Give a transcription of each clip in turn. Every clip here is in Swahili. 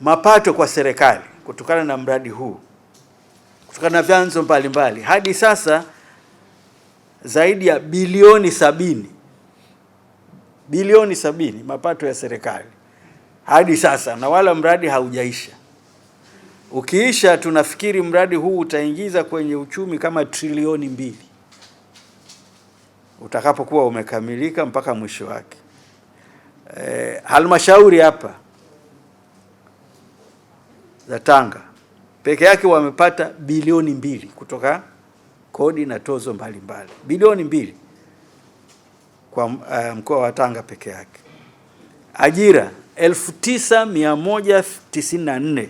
mapato kwa serikali kutokana na mradi huu kutokana na vyanzo mbalimbali hadi sasa zaidi ya bilioni sabini bilioni sabini mapato ya serikali hadi sasa, na wala mradi haujaisha. Ukiisha tunafikiri mradi huu utaingiza kwenye uchumi kama trilioni mbili utakapokuwa umekamilika mpaka mwisho wake. E, halmashauri hapa za Tanga peke yake wamepata bilioni mbili kutoka kodi na tozo mbalimbali mbali. Bilioni mbili kwa eh, mkoa wa Tanga peke yake. Ajira 9194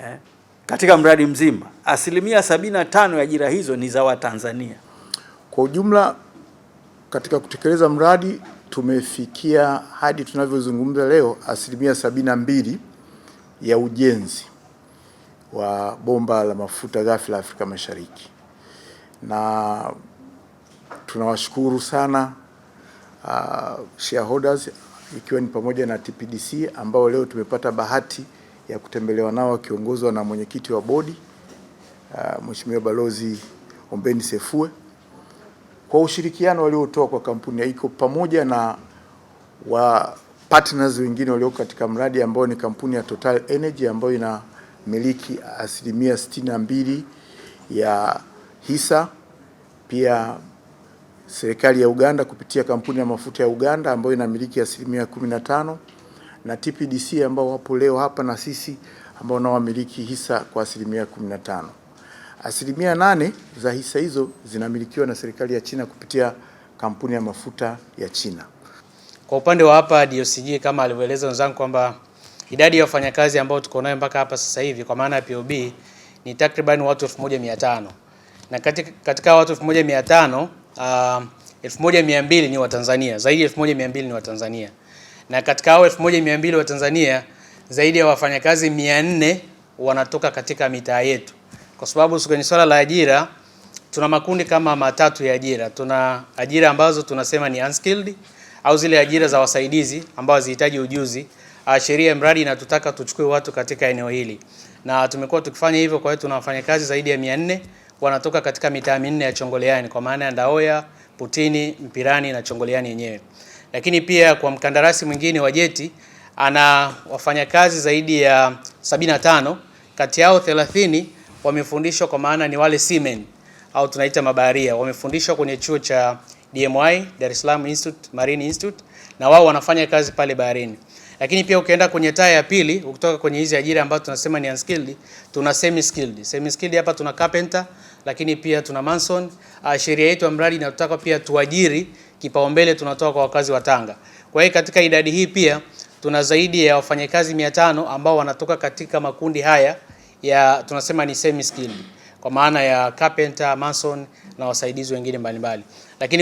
eh, katika mradi mzima. Asilimia 75 ya ajira hizo ni za Watanzania kwa ujumla katika kutekeleza mradi tumefikia hadi tunavyozungumza leo asilimia sabini na mbili ya ujenzi wa bomba la mafuta ghafi la Afrika Mashariki, na tunawashukuru sana uh, shareholders ikiwa ni pamoja na TPDC ambao leo tumepata bahati ya kutembelewa nao wakiongozwa na mwenyekiti wa bodi uh, Mheshimiwa Balozi Ombeni Sefue kwa ushirikiano waliotoa kwa kampuni ya Iko pamoja na wa partners wengine walioko katika mradi ambao ni kampuni ya Total Energy ambayo inamiliki asilimia sitini na mbili ya hisa, pia serikali ya Uganda kupitia kampuni ya mafuta ya Uganda ambayo inamiliki asilimia kumi na tano na TPDC ambao wapo leo hapa na sisi ambao nao wamiliki hisa kwa asilimia kumi na tano. Asilimia nane za hisa hizo zinamilikiwa na serikali ya China kupitia kampuni ya mafuta ya China. Kwa upande wa hapa DOCG, kama alivyoeleza wenzangu kwamba idadi ya wafanyakazi ambao tuko nayo mpaka hapa sasa hivi kwa maana ya POB ni takriban watu 1500 na katika, katika watu 1500 uh, 1200 ni Watanzania, zaidi ya 1200 ni Watanzania na katika hao 1200 Watanzania zaidi ya wafanyakazi 400 wanatoka katika mitaa yetu kwa sababu kwenye swala la ajira tuna makundi kama matatu ya ajira. Tuna ajira ambazo tunasema ni unskilled au zile ajira za wasaidizi ambao hazihitaji ujuzi. Ah, sheria ya mradi inatutaka tuchukue watu katika eneo hili na tumekuwa tukifanya hivyo. Kwa hiyo tuna wafanyakazi zaidi ya 400 wanatoka katika mitaa minne ya Chongoleani kwa maana ya Ndaoya, Putini, Mpirani na Chongoleani yenyewe. Lakini pia kwa mkandarasi mwingine wa jeti ana wafanyakazi zaidi ya 75 kati yao 30 wamefundishwa kwa maana ni wale seamen au tunaita mabaharia, wamefundishwa kwenye chuo cha DMI, Dar es Salaam Institute, Marine Institute, na wao wanafanya kazi pale baharini. Lakini pia ukienda kwenye taya ya pili, ukitoka kwenye hizi ajira ambazo tunasema ni unskilled, tuna semi skilled. Semi skilled hapa tuna carpenter, lakini pia tuna mason. Ah, sheria yetu ya mradi inataka pia tuajiri, kipaumbele tunatoa kwa wakazi wa Tanga. Kwa hiyo katika idadi hii pia tuna zaidi ya wafanyakazi 500 ambao wanatoka katika makundi haya ya tunasema ni semi skilled kwa maana ya carpenter, mason na wasaidizi wengine mbalimbali, lakini